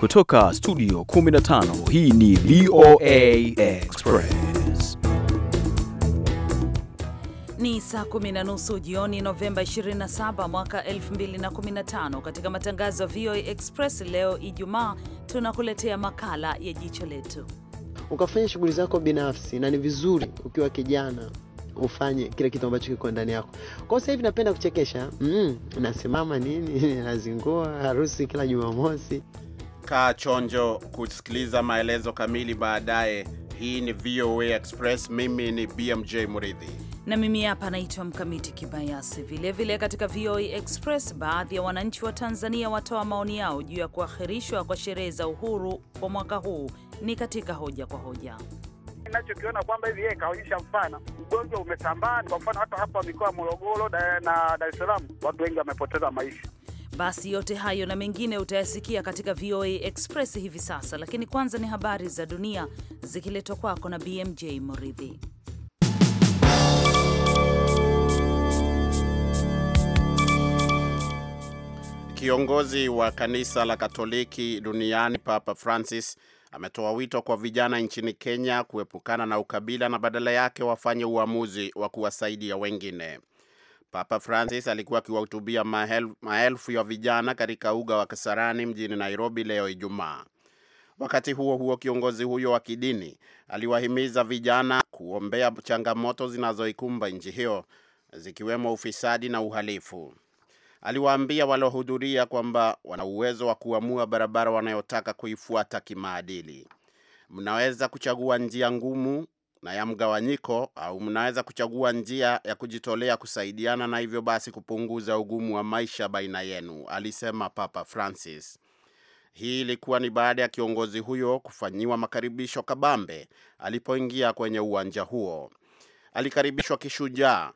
Kutoka studio 15 hii ni VOA Express. Ni saa kumi na nusu jioni Novemba 27 mwaka 2015. Katika matangazo ya VOA Express leo Ijumaa, tunakuletea makala ya jicho letu. Ukafanya shughuli zako binafsi na ni vizuri ukiwa kijana ufanye kile kitu ambacho kiko ndani yako. Kwa sasa hivi napenda kuchekesha mm, nasimama nini nazingua harusi kila Jumamosi. Kaa chonjo kusikiliza maelezo kamili baadaye. Hii ni VOA Express, mimi ni BMJ Muridhi na mimi hapa naitwa Mkamiti Kibayasi. Vilevile katika VOA Express, baadhi ya wananchi wa Tanzania watoa maoni yao juu ya kuakhirishwa kwa sherehe za uhuru kwa mwaka huu. Ni katika hoja kwa hoja. Ninachokiona kwamba hivi yeye kaonyesha mfano, ugonjwa umesambaa. Kwa mfano hata hapa mikoa Morogoro na Dar es Salaam watu wengi wamepoteza maisha. Basi yote hayo na mengine utayasikia katika VOA Express hivi sasa, lakini kwanza ni habari za dunia zikiletwa kwako na BMJ Moridhi. Kiongozi wa kanisa la Katoliki duniani Papa Francis ametoa wito kwa vijana nchini Kenya kuepukana na ukabila na badala yake wafanye uamuzi wa kuwasaidia wengine. Papa Francis alikuwa akiwahutubia maelfu ya vijana katika uga wa Kasarani mjini Nairobi leo Ijumaa. Wakati huo huo, kiongozi huyo wa kidini aliwahimiza vijana kuombea changamoto zinazoikumba nchi hiyo zikiwemo ufisadi na uhalifu aliwaambia waliohudhuria kwamba wana uwezo wa kuamua barabara wanayotaka kuifuata kimaadili. Mnaweza kuchagua njia ngumu na ya mgawanyiko au mnaweza kuchagua njia ya kujitolea kusaidiana na hivyo basi kupunguza ugumu wa maisha baina yenu, alisema Papa Francis. Hii ilikuwa ni baada ya kiongozi huyo kufanyiwa makaribisho kabambe alipoingia kwenye uwanja huo. Alikaribishwa kishujaa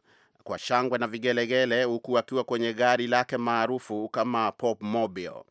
kwa shangwe na vigelegele, huku akiwa kwenye gari lake maarufu kama Pop Mobile.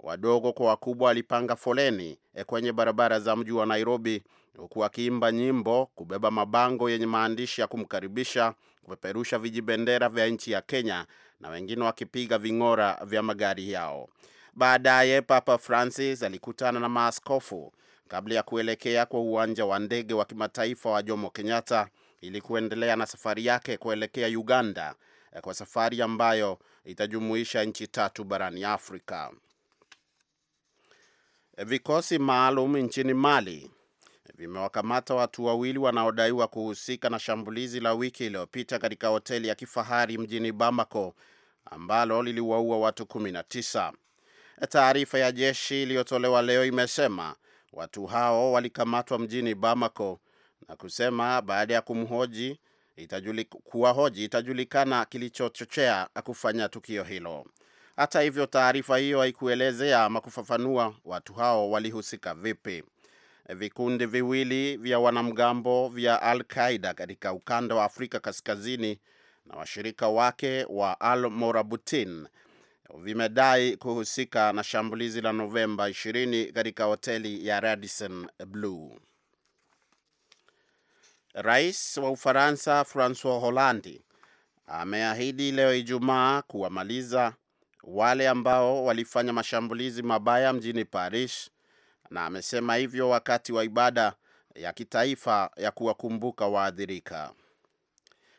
Wadogo kwa wakubwa walipanga foleni eh, kwenye barabara za mji wa Nairobi, huku wakiimba nyimbo, kubeba mabango yenye maandishi ya kumkaribisha, kupeperusha vijibendera vya nchi ya Kenya na wengine wakipiga ving'ora vya magari yao. Baadaye Papa Francis alikutana na maaskofu kabla ya kuelekea kwa uwanja wa ndege wa kimataifa wa Jomo Kenyatta ili kuendelea na safari yake kuelekea Uganda eh, kwa safari ambayo itajumuisha nchi tatu barani Afrika. Eh, vikosi maalum nchini Mali vimewakamata watu wawili wanaodaiwa kuhusika na shambulizi la wiki iliyopita katika hoteli ya kifahari mjini Bamako ambalo liliwaua watu 19. Eh, taarifa ya jeshi iliyotolewa leo imesema watu hao walikamatwa mjini Bamako na kusema baada ya kumhoji itajulik, kuwahoji itajulikana kilichochochea kufanya tukio hilo. Hata hivyo, taarifa hiyo haikuelezea ama kufafanua watu hao walihusika vipi. Vikundi viwili vya wanamgambo vya Al Qaida katika ukanda wa Afrika Kaskazini na washirika wake wa Al Morabutin vimedai kuhusika na shambulizi la Novemba 20 katika hoteli ya Radisson Blue. Rais wa Ufaransa Francois Hollande ameahidi leo Ijumaa kuwamaliza wale ambao walifanya mashambulizi mabaya mjini Paris, na amesema hivyo wakati wa ibada ya kitaifa ya kuwakumbuka waathirika.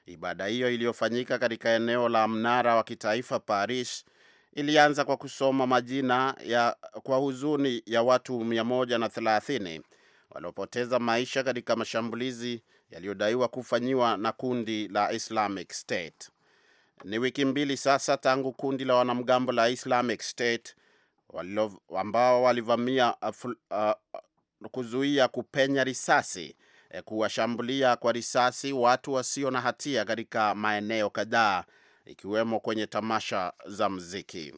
Ibada hiyo iliyofanyika katika eneo la mnara wa kitaifa Paris ilianza kwa kusoma majina ya kwa huzuni ya watu 130 waliopoteza maisha katika mashambulizi yaliyodaiwa kufanyiwa na kundi la Islamic State. Ni wiki mbili sasa tangu kundi la wanamgambo la Islamic State walilo, ambao walivamia uh, uh, kuzuia kupenya risasi eh, kuwashambulia kwa risasi watu wasio na hatia katika maeneo kadhaa ikiwemo kwenye tamasha za mziki.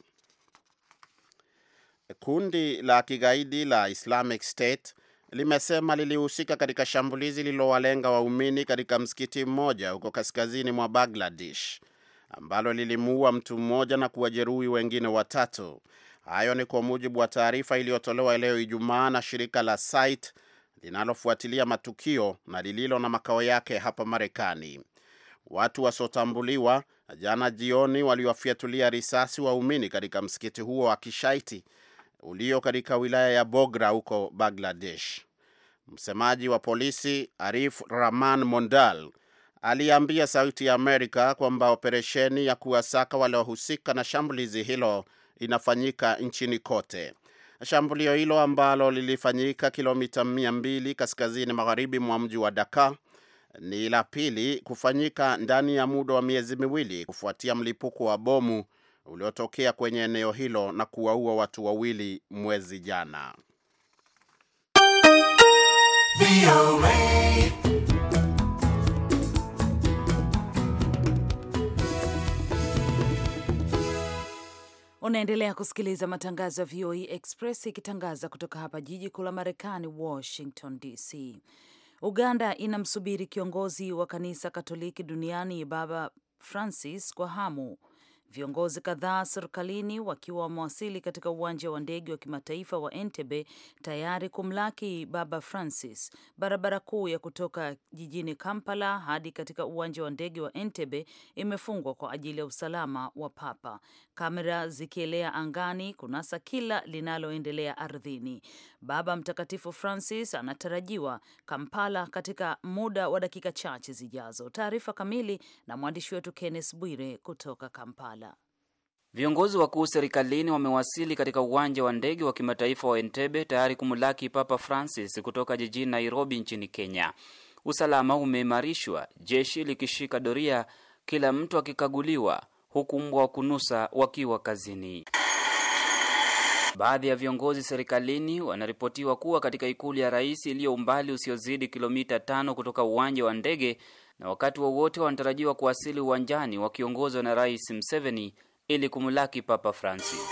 Kundi la kigaidi la Islamic State limesema lilihusika katika shambulizi lililowalenga waumini katika msikiti mmoja huko kaskazini mwa Bangladesh ambalo lilimuua mtu mmoja na kuwajeruhi wengine watatu. Hayo ni kwa mujibu wa taarifa iliyotolewa leo Ijumaa na shirika la Site linalofuatilia matukio na lililo na makao yake hapa Marekani. Watu wasiotambuliwa jana jioni waliwafyatulia risasi waumini katika msikiti huo wa Kishaiti ulio katika wilaya ya Bogra huko Bangladesh. Msemaji wa polisi Arif Rahman Mondal aliambia Sauti ya Amerika kwamba operesheni ya kuwasaka waliohusika na shambulizi hilo inafanyika nchini kote. Shambulio hilo ambalo lilifanyika kilomita mia mbili kaskazini magharibi mwa mji wa Dhaka ni la pili kufanyika ndani ya muda wa miezi miwili kufuatia mlipuko wa bomu uliotokea kwenye eneo hilo na kuwaua watu wawili mwezi jana. Unaendelea kusikiliza matangazo ya VOA e Express ikitangaza kutoka hapa jiji kuu la Marekani, Washington DC. Uganda inamsubiri kiongozi wa kanisa Katoliki duniani Baba Francis kwa hamu Viongozi kadhaa serikalini wakiwa wamewasili katika uwanja wa ndege wa kimataifa wa Entebbe tayari kumlaki Baba Francis. Barabara kuu ya kutoka jijini Kampala hadi katika uwanja wa ndege wa Entebbe imefungwa kwa ajili ya usalama wa Papa, kamera zikielea angani kunasa kila linaloendelea ardhini. Baba Mtakatifu Francis anatarajiwa Kampala katika muda wa dakika chache zijazo. Taarifa kamili na mwandishi wetu Kenneth Bwire kutoka Kampala. Viongozi wakuu serikalini wamewasili katika uwanja wa ndege wa kimataifa wa Entebbe tayari kumulaki Papa Francis kutoka jijini Nairobi nchini Kenya. Usalama umeimarishwa, jeshi likishika doria, kila mtu akikaguliwa, huku mbwa wa kunusa wakiwa kazini. Baadhi ya viongozi serikalini wanaripotiwa kuwa katika ikulu ya rais iliyo umbali usiozidi kilomita tano kutoka uwanja wa ndege, na wakati wowote wa wanatarajiwa kuwasili uwanjani wakiongozwa na Rais mseveni ili kumlaki Papa Francis.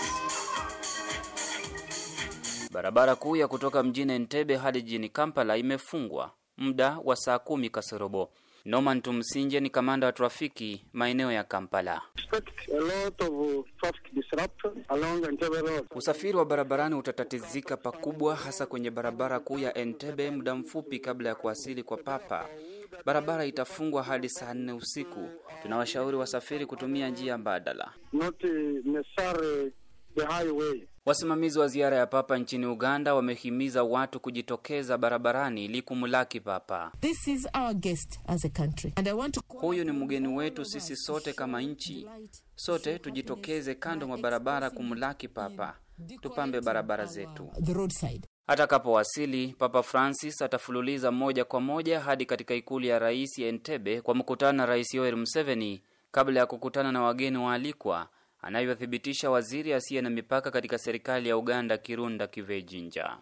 Barabara kuu ya kutoka mjini Entebbe hadi jijini Kampala imefungwa muda wa saa kumi kasorobo. Norman Tumsinje ni kamanda wa trafiki maeneo ya Kampala. Uh, Usafiri wa barabarani utatatizika pakubwa, hasa kwenye barabara kuu ya Entebbe muda mfupi kabla ya kuwasili kwa Papa. Barabara itafungwa hadi saa nne usiku. Tunawashauri wasafiri kutumia njia mbadala. Not uh, necessary the highway. Wasimamizi wa ziara ya Papa nchini Uganda wamehimiza watu kujitokeza barabarani ili kumlaki Papa. This is our guest as a country. And I want to... Huyu ni mgeni wetu sisi sote kama nchi. Sote tujitokeze kando mwa barabara kumlaki Papa, tupambe barabara zetu. The roadside. Atakapowasili Papa Francis atafululiza moja kwa moja hadi katika ikulu ya rais ya Entebbe kwa mkutano na Rais Yoweri Museveni kabla ya kukutana na wageni waalikwa anavyothibitisha waziri asiye na mipaka katika serikali ya Uganda Kirunda Kivejinja.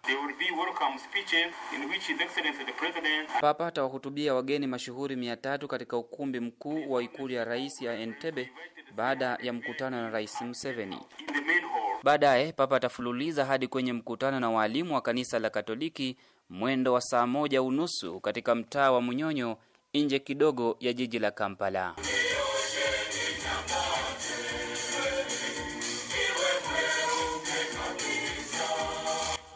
Papa atawahutubia wageni mashuhuri mia tatu katika ukumbi mkuu wa ikulu ya rais ya Entebbe baada ya mkutano na Rais Museveni. Baadaye Papa atafululiza hadi kwenye mkutano na waalimu wa kanisa la Katoliki mwendo wa saa moja unusu katika mtaa wa Munyonyo nje kidogo ya jiji la Kampala.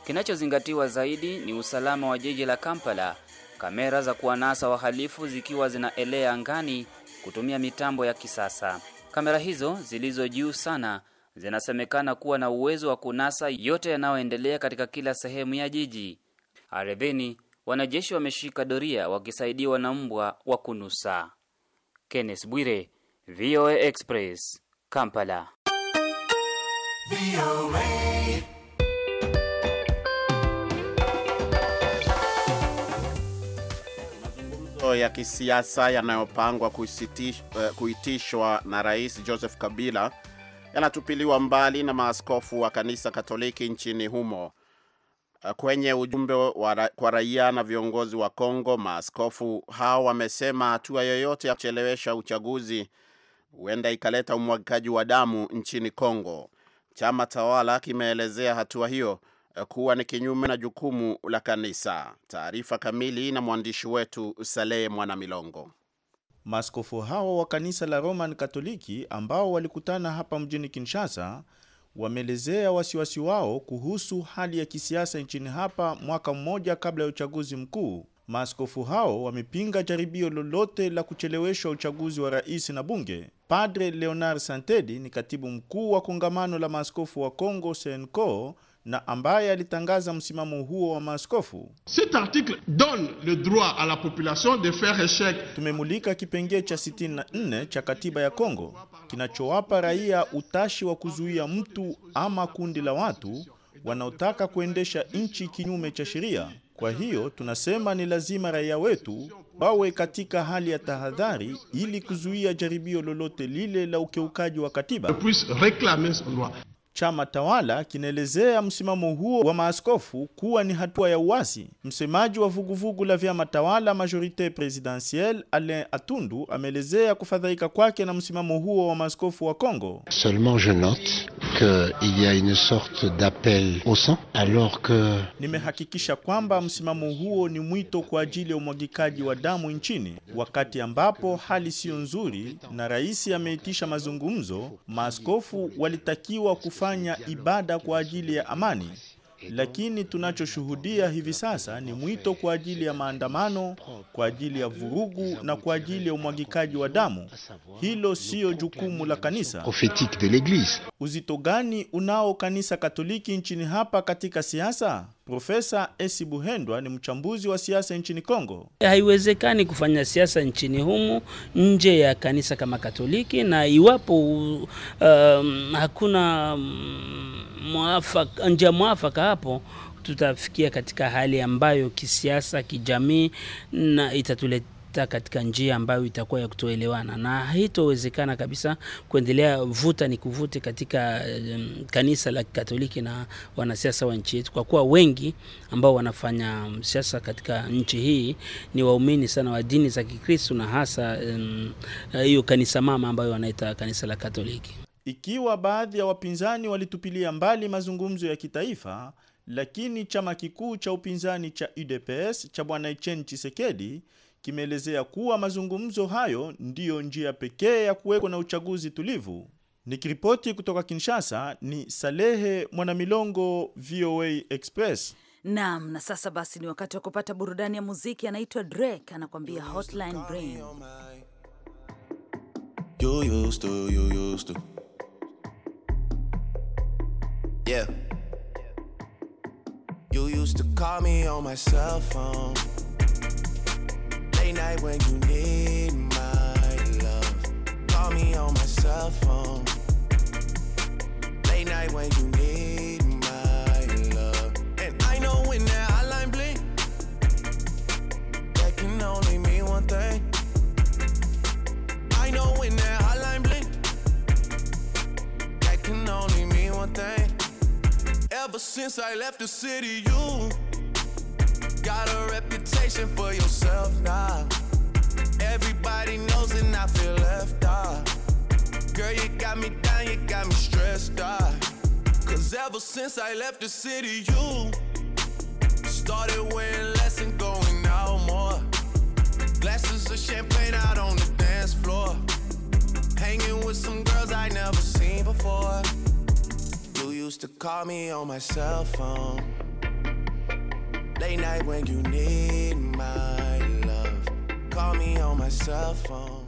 Kinachozingatiwa zaidi ni usalama wa jiji la Kampala, kamera za kuwanasa wahalifu zikiwa zinaelea angani kutumia mitambo ya kisasa. Kamera hizo zilizo juu sana zinasemekana kuwa na uwezo wa kunasa yote yanayoendelea katika kila sehemu ya jiji. Ardhini, wanajeshi wameshika doria wakisaidiwa na mbwa wa kunusa. Kenneth Bwire, VOA Express, Kampala. VOA. ya kisiasa yanayopangwa eh, kuitishwa na Rais Joseph Kabila yanatupiliwa mbali na maaskofu wa kanisa Katoliki nchini humo. Eh, kwenye ujumbe wa kwa raia na viongozi wa Kongo, maaskofu hao wamesema hatua yoyote ya kuchelewesha uchaguzi huenda ikaleta umwagikaji wa damu nchini Kongo. Chama tawala kimeelezea hatua hiyo kuwa ni kinyume na jukumu la kanisa. Taarifa kamili na mwandishi wetu Salehe Mwanamilongo. maskofu hao wa kanisa la Roman Katoliki ambao walikutana hapa mjini Kinshasa wameelezea wasiwasi wao kuhusu hali ya kisiasa nchini hapa mwaka mmoja kabla ya uchaguzi mkuu. Maaskofu hao wamepinga jaribio lolote la kucheleweshwa uchaguzi wa rais na bunge. Padre Leonard Santedi ni katibu mkuu wa kongamano la maaskofu wa congo Senco, na ambaye alitangaza msimamo huo wa maaskofu. Cet article donne le droit à la population de faire Tumemulika kipengee cha 64 cha katiba ya Kongo kinachowapa raia utashi wa kuzuia mtu ama kundi la watu wanaotaka kuendesha nchi kinyume cha sheria. Kwa hiyo tunasema ni lazima raia wetu wawe katika hali ya tahadhari ili kuzuia jaribio lolote lile la ukiukaji wa katiba chama tawala kinaelezea msimamo huo wa maaskofu kuwa ni hatua ya uwazi Msemaji wa vuguvugu la vyama tawala Majorite Presidentielle, Alain Atundu, ameelezea kufadhaika kwake na msimamo huo wa maaskofu wa Kongo. Seulement je note que il y a une sorte d'appel au sang alors que, nimehakikisha kwamba msimamo huo ni mwito kwa ajili ya umwagikaji wa damu nchini, wakati ambapo hali siyo nzuri na rais ameitisha mazungumzo, maaskofu walitakiwa kufu kufanya ibada kwa ajili ya amani, lakini tunachoshuhudia hivi sasa ni mwito kwa ajili ya maandamano, kwa ajili ya vurugu na kwa ajili ya umwagikaji wa damu. Hilo siyo jukumu la kanisa. Uzito gani unao kanisa Katoliki nchini hapa katika siasa? Profesa Esi Buhendwa ni mchambuzi wa siasa nchini Kongo. Haiwezekani kufanya siasa nchini humu nje ya kanisa kama Katoliki, na iwapo um, hakuna um, mwafaka, njia mwafaka hapo tutafikia katika hali ambayo kisiasa, kijamii na itatuletea kupita katika njia ambayo itakuwa ya kutoelewana, na haitowezekana kabisa kuendelea vuta ni kuvute katika um, kanisa la kikatoliki na wanasiasa wa nchi yetu, kwa kuwa wengi ambao wanafanya um, siasa katika nchi hii ni waumini sana wa dini za Kikristo na hasa um, hiyo um, kanisa mama ambayo wanaita kanisa la Katoliki. Ikiwa baadhi ya wapinzani walitupilia mbali mazungumzo ya kitaifa, lakini chama kikuu cha upinzani cha UDPS cha bwana Etienne Tshisekedi kimeelezea kuwa mazungumzo hayo ndiyo njia pekee ya kuwekwa na uchaguzi tulivu. Nikiripoti kutoka Kinshasa ni Salehe Mwanamilongo, VOA Express. Naam, na sasa basi ni wakati wa kupata burudani ya muziki. Anaitwa Drake anakuambia Hotline Bling. You used to, Yeah. You used to call me on my cell phone. every night when you need my love. Call me on my cell phone. Late night when you need my love. And I know when that hotline blink, that can only mean one thing. I know when that hotline blink, that can only mean one thing. Ever since I left the city, you got a reputation for yourself now. Everybody knows and I feel left out. Girl, you got me down, you got me stressed out. Cause ever since I left the city, you started wearing less and going out more. Glasses of champagne out on the dance floor. Hanging with some girls I never seen before. You used to call me on my cell phone Late night when you need my love. Call me on my cell phone.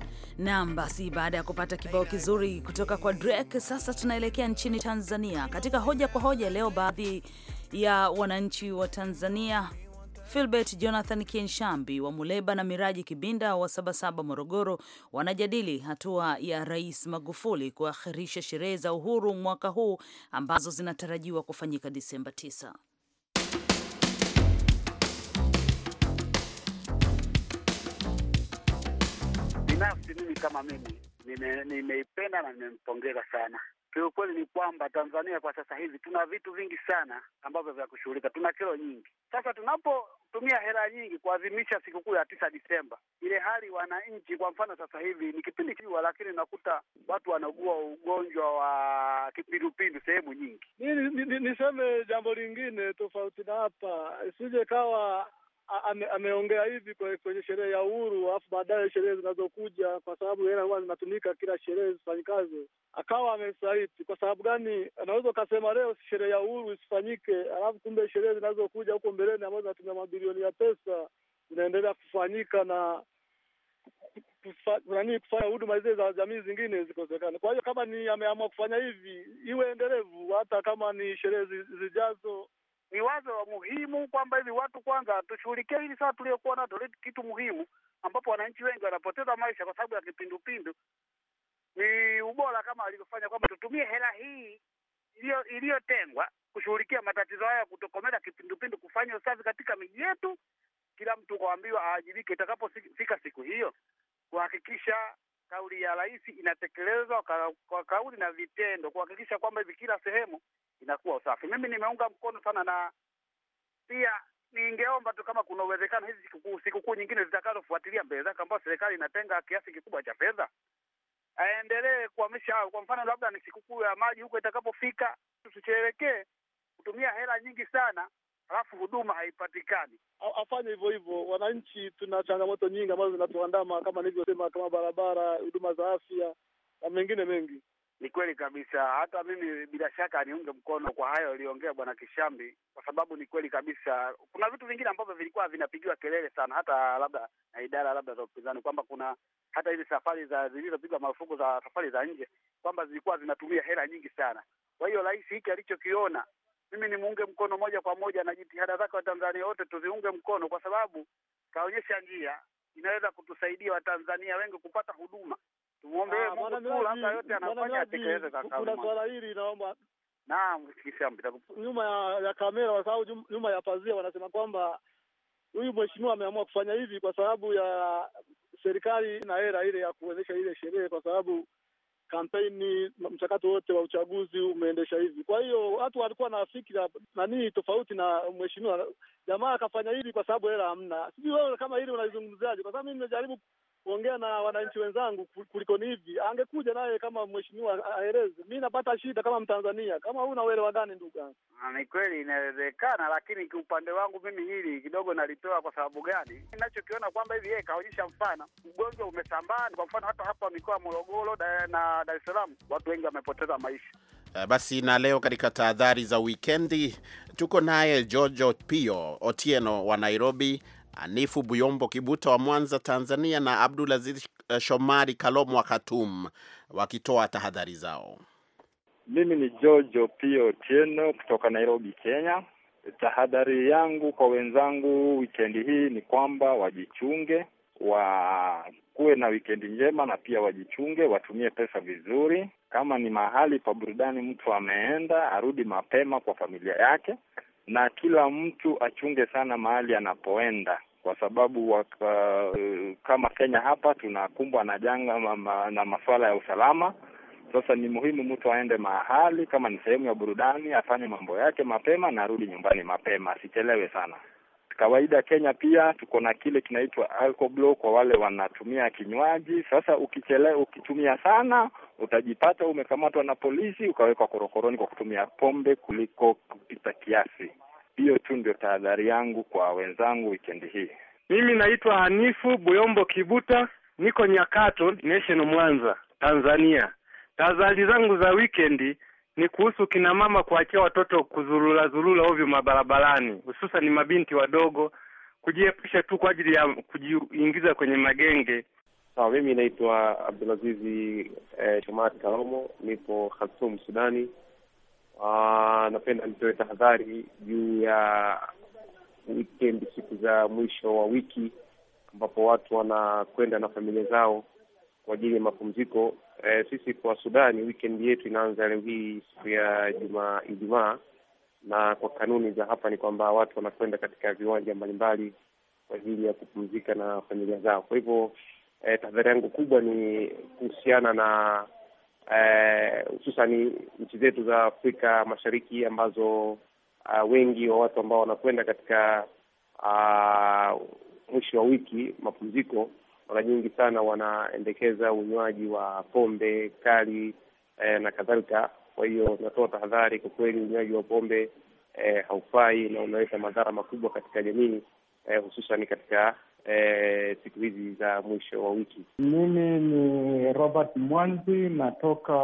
Naam, basi baada ya kupata kibao kizuri kutoka kwa Drake, sasa tunaelekea nchini Tanzania katika hoja kwa hoja. Leo baadhi ya wananchi wa Tanzania Filbert Jonathan Kienshambi wa Muleba na Miraji Kibinda wa Sabasaba Morogoro wanajadili hatua ya Rais Magufuli kuakhirisha sherehe za uhuru mwaka huu ambazo zinatarajiwa kufanyika Disemba 9. Binafsi mimi kama mimi nimeipenda nime na nimempongeza sana. Kiukweli ni kwamba Tanzania kwa sasa hivi tuna vitu vingi sana ambavyo vya kushughulika, tuna kero nyingi. Sasa tunapotumia hela nyingi kuadhimisha sikukuu ya tisa Disemba, ile hali wananchi, kwa mfano sasa hivi ni kipindi kiwa, lakini unakuta watu wanaugua ugonjwa wa kipindupindu sehemu nyingi. Niseme ni, ni, ni jambo lingine tofauti na hapa, isije kawa ame, ameongea hivi kwenye sherehe ya uhuru, alafu baadaye sherehe zinazokuja, kwa sababu hela huwa zinatumika kila sherehe zifanyikazo, akawa amesaiti. Kwa sababu gani? Anaweza ukasema leo sherehe ya uhuru isifanyike, alafu kumbe sherehe zinazokuja huko mbeleni ambazo zinatumia mabilioni ya pesa zinaendelea kufanyika na nanii kufanya huduma zile za jamii zingine zikosekana. Kwa hiyo kama ni ameamua kufanya hivi, iwe endelevu, hata kama ni sherehe zijazo ni wazo wa muhimu kwamba hivi watu kwanza tushughulikie hili saa tuliokuwa nato, kitu muhimu ambapo wananchi wengi wanapoteza maisha kwa sababu ya kipindupindu. Ni ubora kama alivyofanya kwamba tutumie hela hii iliyotengwa kushughulikia matatizo haya ya kutokomeza kipindupindu, kufanya usafi katika miji yetu, kila mtu kaambiwa aajibike itakapofika siku hiyo, kuhakikisha kauli ya rahisi inatekelezwa kwa kauli na vitendo, kuhakikisha kwamba hivi kila sehemu inakuwa usafi. Mimi nimeunga mkono sana, na pia ningeomba tu kama kuna uwezekano hizi sikukuu sikukuu nyingine zitakazofuatilia mbele zake, ambayo serikali inatenga kiasi kikubwa cha fedha, aendelee kuhamisha. Kwa mfano, labda ni sikukuu ya maji huko, itakapofika tusichelekee kutumia hela nyingi sana halafu huduma haipatikani. Afanye hivyo hivyo. Wananchi tuna changamoto nyingi ambazo zinatuandama kama nilivyosema, kama barabara, huduma za afya na mengine mengi. Ni kweli kabisa, hata mimi bila shaka niunge mkono kwa hayo aliyoongea bwana Kishambi, kwa sababu ni kweli kabisa, kuna vitu vingine ambavyo vilikuwa vinapigiwa kelele sana, hata labda na idara labda za upinzani, kwamba kuna hata hizi safari za zilizopigwa marufuku za safari za nje, kwamba zilikuwa zinatumia hela nyingi sana. Kwa hiyo rais hiki alichokiona, mimi nimuunge mkono moja kwa moja, na jitihada zake Watanzania wote tuziunge mkono, kwa sababu kaonyesha njia inaweza kutusaidia Watanzania wengi kupata huduma tuombe ah, Mungu tu labda yote anafanya atekeleze kaka. Kuna swala hili naomba naam, sikisia mpita nyuma ya, ya kamera kwa sababu nyuma ya pazia wanasema kwamba huyu mheshimiwa ameamua kufanya hivi kwa sababu ya serikali na hela ile ya kuendesha ile sherehe, kwa sababu kampeni mchakato wote wa uchaguzi umeendesha hivi. Kwa hiyo watu walikuwa na fikira nanii tofauti na mheshimiwa jamaa akafanya hivi kwa sababu hela hamna. Sijui wewe kama hili unalizungumziaje? Kwa sababu mimi nimejaribu kuongea na wananchi wenzangu kuliko ni hivi. Angekuja naye kama mheshimiwa aeleze. Mi napata shida kama Mtanzania, kama huu unauelewa gani ndugu yangu? Ah, ni kweli inawezekana, lakini kiupande wangu mimi hili kidogo nalitoa. Kwa sababu gani? Ninachokiona kwamba hivi yeye kaonyesha mfano, ugonjwa umesambaa. Kwa mfano hata hapa mikoa Morogoro na Dar es Salaam watu wengi wamepoteza maisha. Eh, basi na leo katika tahadhari za wikendi tuko naye Jojo Pio Otieno wa Nairobi, Anifu Buyombo Kibuta wa Mwanza, Tanzania, na Abdul Aziz eh, Shomari Kalomo wa Khartoum wakitoa tahadhari zao. Mimi ni Jojo Pio Tieno kutoka Nairobi, Kenya. Tahadhari yangu kwa wenzangu wikendi hii ni kwamba wajichunge, wakuwe na wikendi njema, na pia wajichunge, watumie pesa vizuri. Kama ni mahali pa burudani mtu ameenda, arudi mapema kwa familia yake, na kila mtu achunge sana mahali anapoenda kwa sababu waka, eh, kama Kenya hapa tunakumbwa na janga mama, na masuala ya usalama. Sasa ni muhimu mtu aende mahali, kama ni sehemu ya burudani, afanye mambo yake mapema na arudi nyumbani mapema, asichelewe sana. Kawaida Kenya pia tuko na kile kinaitwa block kwa wale wanatumia kinywaji. Sasa ukichelewa, ukitumia sana utajipata umekamatwa na polisi ukawekwa korokoroni kwa kutumia pombe kuliko kupita kiasi. Hiyo tu ndio tahadhari yangu kwa wenzangu wikendi hii. Mimi naitwa Hanifu Buyombo Kibuta, niko Nyakato Nation, Mwanza, Tanzania. Tahadhari zangu za wikendi ni kuhusu kina mama kuachia watoto kuzurura zurura ovyo mabarabarani, hususan ni mabinti wadogo, kujiepusha tu kwa ajili ya kujiingiza kwenye magenge Sawa, mimi naitwa Abdulazizi eh, Karomo, nipo Khartoum, Sudani. Aa, ah, napenda nitoe tahadhari juu ya weekend, siku za mwisho wa wiki ambapo watu wanakwenda na familia zao kwa ajili ya mapumziko. Eh, sisi kwa Sudani weekend yetu inaanza leo hii siku ya juma Ijumaa, na kwa kanuni za hapa ni kwamba watu wanakwenda katika viwanja mbalimbali kwa ajili ya kupumzika na familia zao, kwa hivyo eh, tahadhari yangu kubwa ni kuhusiana na eh, hususani eh, nchi zetu za Afrika Mashariki ambazo uh, wengi wa watu ambao wanakwenda katika uh, mwisho wa wiki mapumziko, mara nyingi sana wanaendekeza unywaji wa pombe kali eh, na kadhalika. Kwa hiyo unatoa tahadhari, kwa kweli unywaji wa pombe eh, haufai na unaleta madhara makubwa katika jamii eh, hususan katika eh, siku hizi za mwisho wa wiki. Mimi ni Robert Mwanzi, natoka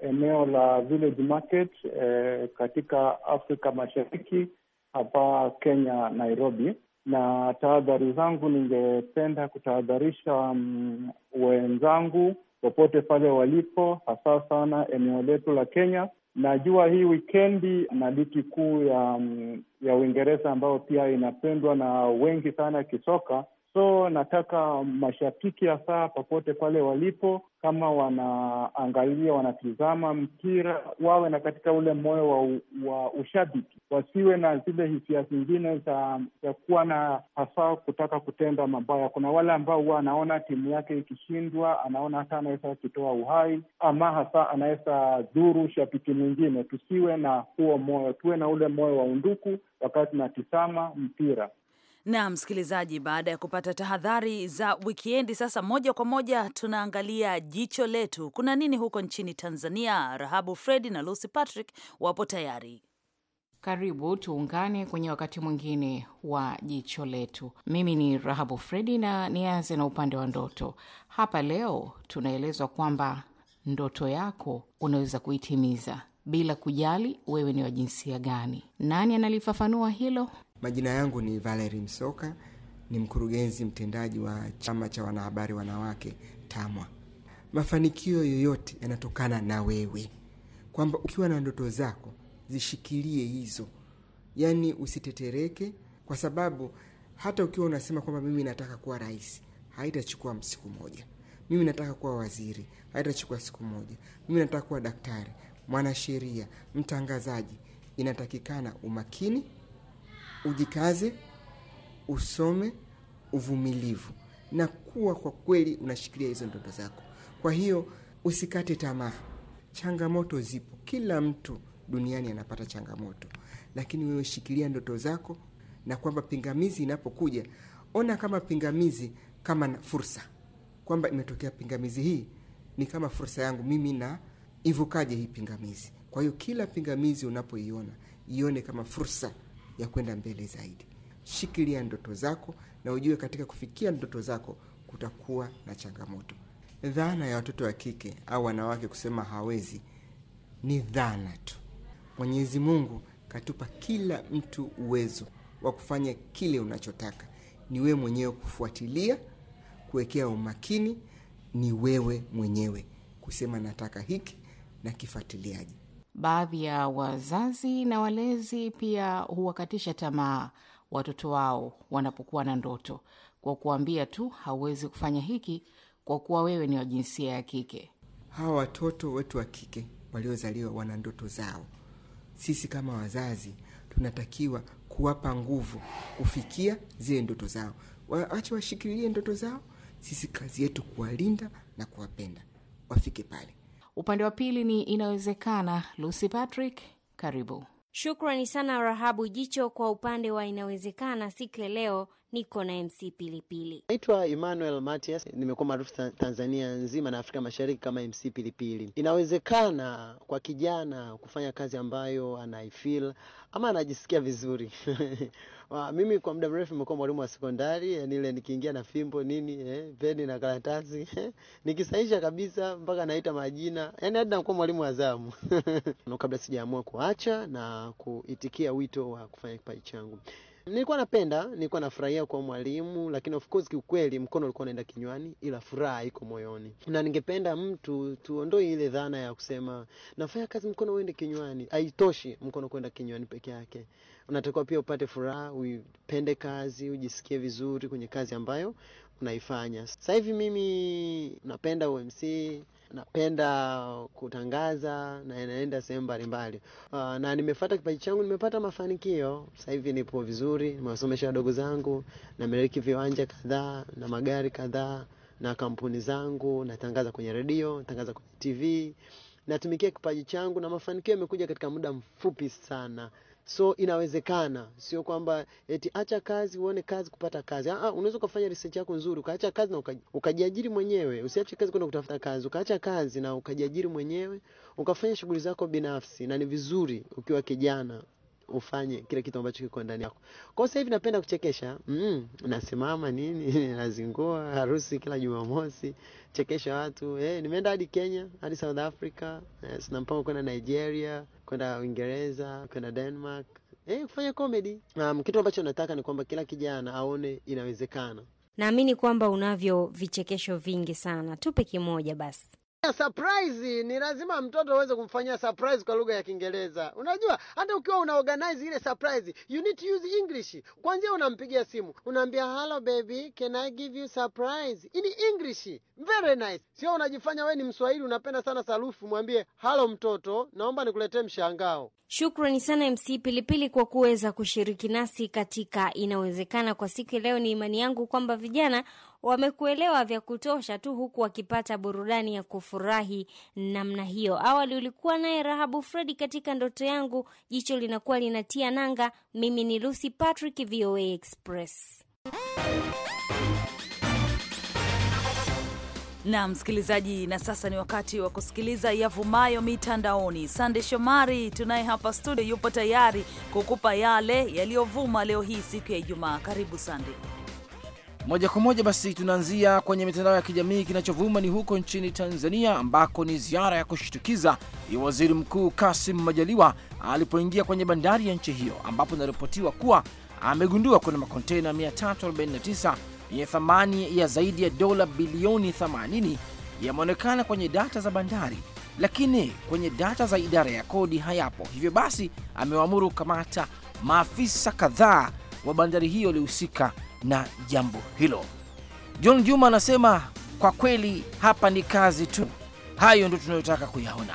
eneo la Village Market eh, katika Afrika Mashariki hapa Kenya, Nairobi, na tahadhari zangu, ningependa kutahadharisha mm, wenzangu popote pale walipo, hasa sana eneo letu la Kenya. Najua hii wikendi na ligi kuu ya mm, ya Uingereza ambayo pia inapendwa na wengi sana kisoka So nataka mashabiki hasa, popote pale walipo, kama wanaangalia wanatizama mpira, wawe na katika ule moyo wa, wa ushabiki, wasiwe na zile hisia zingine za za kuwa na hasa kutaka kutenda mabaya. Kuna wale ambao huwa anaona timu yake ikishindwa, anaona hata anaweza akitoa uhai ama hasa anaweza dhuru shabiki mwingine. Tusiwe na huo moyo, tuwe na ule moyo wa unduku wakati natizama mpira. Na msikilizaji, baada ya kupata tahadhari za wikiendi, sasa moja kwa moja tunaangalia jicho letu. Kuna nini huko nchini Tanzania? Rahabu Fredi na Lucy Patrick wapo tayari. Karibu tuungane kwenye wakati mwingine wa jicho letu. Mimi ni Rahabu Fredi na nianze na upande wa ndoto. Hapa leo tunaelezwa kwamba ndoto yako unaweza kuitimiza bila kujali wewe ni wa jinsia gani. Nani analifafanua hilo? Majina yangu ni Valerie Msoka, ni mkurugenzi mtendaji wa chama cha wanahabari wanawake TAMWA. Mafanikio yoyote yanatokana na wewe, kwamba ukiwa na ndoto zako zishikilie hizo, yaani usitetereke, kwa sababu hata ukiwa unasema kwamba mimi nataka kuwa rais, haitachukua siku moja. Mimi nataka kuwa waziri, haitachukua siku moja. Mimi nataka kuwa daktari, mwanasheria, mtangazaji. Inatakikana umakini ujikaze, usome, uvumilivu na kuwa kwa kweli unashikilia hizo ndoto zako. Kwa hiyo usikate tamaa. Changamoto zipo, kila mtu duniani anapata changamoto, lakini wewe shikilia ndoto zako, na kwamba pingamizi inapokuja, ona kama pingamizi kama na fursa, kwamba imetokea pingamizi hii ni kama fursa yangu mimi, na ivukaje hii pingamizi? Kwa hiyo kila pingamizi unapoiona ione kama fursa ya kwenda mbele zaidi. Shikilia ndoto zako na ujue katika kufikia ndoto zako kutakuwa na changamoto. Dhana ya watoto wa kike au wanawake kusema hawezi ni dhana tu. Mwenyezi Mungu katupa kila mtu uwezo wa kufanya kile unachotaka. Ni wewe mwenyewe kufuatilia, kuwekea umakini, ni wewe mwenyewe kusema nataka hiki na kifuatiliaji. Baadhi ya wazazi na walezi pia huwakatisha tamaa watoto wao wanapokuwa na ndoto kwa kuambia tu hauwezi kufanya hiki kwa kuwa wewe ni wa jinsia ya kike. Hawa watoto wetu wa kike waliozaliwa wana ndoto zao. Sisi kama wazazi tunatakiwa kuwapa nguvu kufikia zile ndoto zao, wache washikilie ndoto zao. Sisi kazi yetu kuwalinda na kuwapenda wafike pale. Upande wa pili ni inawezekana. Lucy Patrick, karibu. Shukrani sana Rahabu Jicho kwa upande wa inawezekana siku ya leo niko na MC Pilipili. Naitwa Emmanuel Matias, nimekuwa maarufu Tanzania nzima na Afrika Mashariki kama MC Pilipili. Inawezekana kwa kijana kufanya kazi ambayo anaifeel ama anajisikia vizuri ah, mimi kwa muda mrefu nimekuwa mwalimu wa sekondari, yani ile nikiingia na fimbo nini, eh, peni na karatasi eh, nikisaisha kabisa mpaka naita majina, yani hadi nakuwa mwalimu wa zamu kabla sijaamua kuacha na kuitikia wito wa kufanya kipaji changu. Nilikuwa napenda, nilikuwa nafurahia kwa mwalimu, lakini of course kiukweli mkono ulikuwa unaenda kinywani, ila furaha iko moyoni. Na ningependa mtu tuondoe ile dhana ya kusema nafanya kazi mkono uende kinywani. Haitoshi mkono kwenda kinywani peke yake, unatakiwa pia upate furaha, uipende kazi, ujisikie vizuri kwenye kazi ambayo unaifanya. Sasa hivi mimi napenda UMC, napenda kutangaza na naenda sehemu mbalimbali uh, na nimefuata kipaji changu, nimepata mafanikio. Sasa hivi nipo vizuri, nimewasomesha wadogo zangu, namiliki viwanja kadhaa na magari kadhaa na kampuni zangu, natangaza kwenye redio, natangaza kwenye TV, natumikia kipaji changu na mafanikio yamekuja katika muda mfupi sana. So inawezekana, sio kwamba eti acha kazi uone kazi kupata kazi. Ah, ah unaweza ukafanya research yako nzuri ukaacha kazi na ukajiajiri mwenyewe. Usiache kazi kwenda kutafuta kazi, ukaacha kazi na ukajiajiri mwenyewe, ukafanya shughuli zako binafsi, na ni vizuri ukiwa kijana ufanye kile kitu ambacho kiko ndani yako. Kwa sasa hivi napenda kuchekesha. Mm, nasimama nini, nazingua harusi kila Jumamosi, chekesha watu. Eh, nimeenda hadi Kenya, hadi South Africa, eh, sina mpango kwenda Nigeria, kwenda Uingereza, kwenda Denmark. Eh, kufanya comedy. Um, kitu ambacho nataka ni kwamba kila kijana aone inawezekana. Naamini kwamba unavyo vichekesho vingi sana. Tupe kimoja basi. Surprise ni lazima mtoto aweze kumfanyia surprise kwa lugha ya Kiingereza. Unajua hata ukiwa una organize ile surprise, you need to use English. Kwanza unampigia simu, unaambia hello baby, can I give you surprise? In English. Very nice. Sio unajifanya we ni Mswahili unapenda sana sarufi, mwambie hello mtoto, naomba nikuletee mshangao. Shukrani sana MC Pilipili kwa kuweza kushiriki nasi katika inawezekana kwa siku leo. Ni imani yangu kwamba vijana wamekuelewa vya kutosha tu huku wakipata burudani ya kufurahi namna hiyo. Awali ulikuwa naye Rahabu Fredi katika ndoto yangu, jicho linakuwa linatia nanga. Mimi ni Lucy Patrick, VOA Express. na msikilizaji, na sasa ni wakati wa kusikiliza yavumayo mitandaoni. Sande Shomari tunaye hapa studio, yupo tayari kukupa yale yaliyovuma leo hii siku ya Ijumaa. Karibu Sande. Moja kwa moja basi tunaanzia kwenye mitandao ya kijamii. Kinachovuma ni huko nchini Tanzania, ambako ni ziara ya kushtukiza ya waziri mkuu Kasim Majaliwa alipoingia kwenye bandari ya nchi hiyo, ambapo inaripotiwa kuwa amegundua kuna makontena 349 yenye thamani ya zaidi ya dola bilioni 80 yameonekana kwenye data za bandari, lakini kwenye data za idara ya kodi hayapo. Hivyo basi amewaamuru kamata maafisa kadhaa wa bandari hiyo waliohusika na jambo hilo. John Juma anasema kwa kweli hapa ni kazi tu, hayo ndio tunayotaka kuyaona.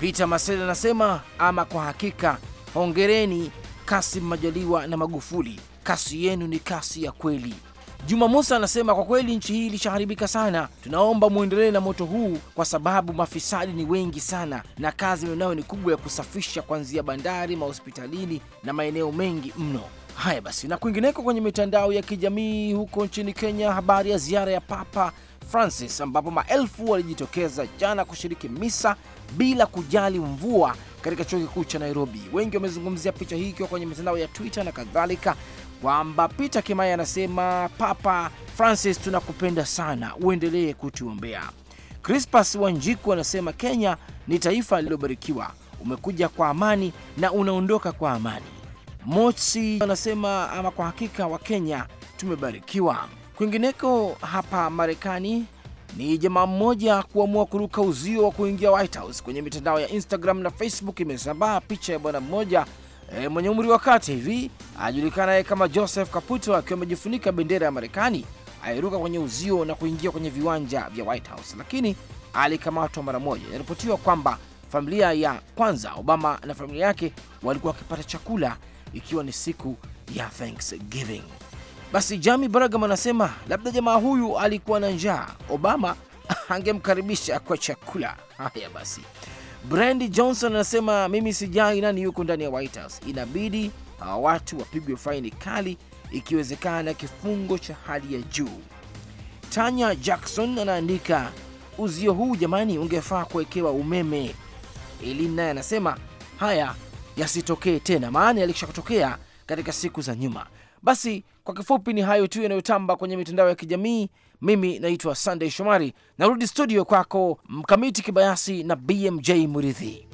Peter Masele anasema ama kwa hakika, hongereni Kasim Majaliwa na Magufuli, kasi yenu ni kasi ya kweli. Juma Musa anasema kwa kweli nchi hii ilishaharibika sana, tunaomba mwendelee na moto huu kwa sababu mafisadi ni wengi sana, na kazi mlionayo ni kubwa ya kusafisha kuanzia bandari, mahospitalini na maeneo mengi mno. Haya basi, na kwingineko kwenye mitandao ya kijamii huko nchini Kenya, habari ya ziara ya Papa Francis ambapo maelfu walijitokeza jana kushiriki misa bila kujali mvua katika chuo kikuu cha Nairobi. Wengi wamezungumzia picha hii ikiwa kwenye mitandao ya Twitter na kadhalika, kwamba Peter Kimaya anasema Papa Francis, tunakupenda sana, uendelee kutuombea. Crispas Wanjiku anasema Kenya ni taifa lililobarikiwa, umekuja kwa amani na unaondoka kwa amani. Mosi anasema ama kwa hakika wa Kenya tumebarikiwa. Kwingineko hapa Marekani ni jamaa mmoja kuamua kuruka uzio wa kuingia White House. Kwenye mitandao ya Instagram na Facebook imesambaa picha ya bwana mmoja e, mwenye umri wa kati hivi anajulikanaye kama Joseph Caputo akiwa amejifunika bendera ya Marekani airuka kwenye uzio na kuingia kwenye viwanja vya White House, lakini alikamatwa mara moja. Inaripotiwa kwamba familia ya kwanza Obama na familia yake walikuwa wakipata chakula ikiwa ni siku ya Thanksgiving. Basi Jami bragam anasema labda jamaa huyu alikuwa na njaa, Obama angemkaribisha kwa chakula. Haya basi, Brandi Johnson anasema mimi sijai nani yuko ndani ya White House, inabidi hawa watu wapigwe faini kali, ikiwezekana kifungo cha hali ya juu. Tanya Jackson anaandika uzio huu jamani, ungefaa kuwekewa umeme. Elin naye anasema haya yasitokee tena, maana yalikisha kutokea katika siku za nyuma. Basi kwa kifupi, ni hayo tu yanayotamba kwenye mitandao ya kijamii. Mimi naitwa Sunday Shomari, narudi studio kwako Mkamiti Kibayasi na BMJ Muridhi.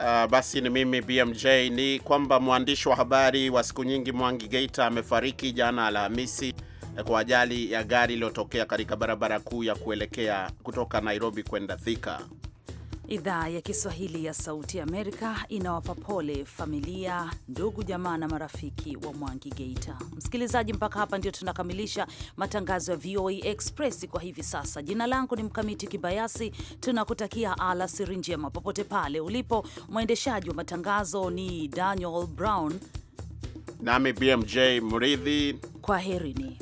Uh, basi ni mimi BMJ. Ni kwamba mwandishi wa habari wa siku nyingi Mwangi Geita amefariki jana Alhamisi eh, kwa ajali ya gari iliyotokea katika barabara kuu ya kuelekea kutoka Nairobi kwenda Thika. Idhaa ya Kiswahili ya Sauti Amerika inawapa pole familia, ndugu, jamaa na marafiki wa Mwangi Geita. Msikilizaji, mpaka hapa ndio tunakamilisha matangazo ya VOA Express kwa hivi sasa. Jina langu ni Mkamiti Kibayasi, tunakutakia alasiri njema popote pale ulipo. Mwendeshaji wa matangazo ni Daniel Brown nami BMJ Mridhi, kwa herini.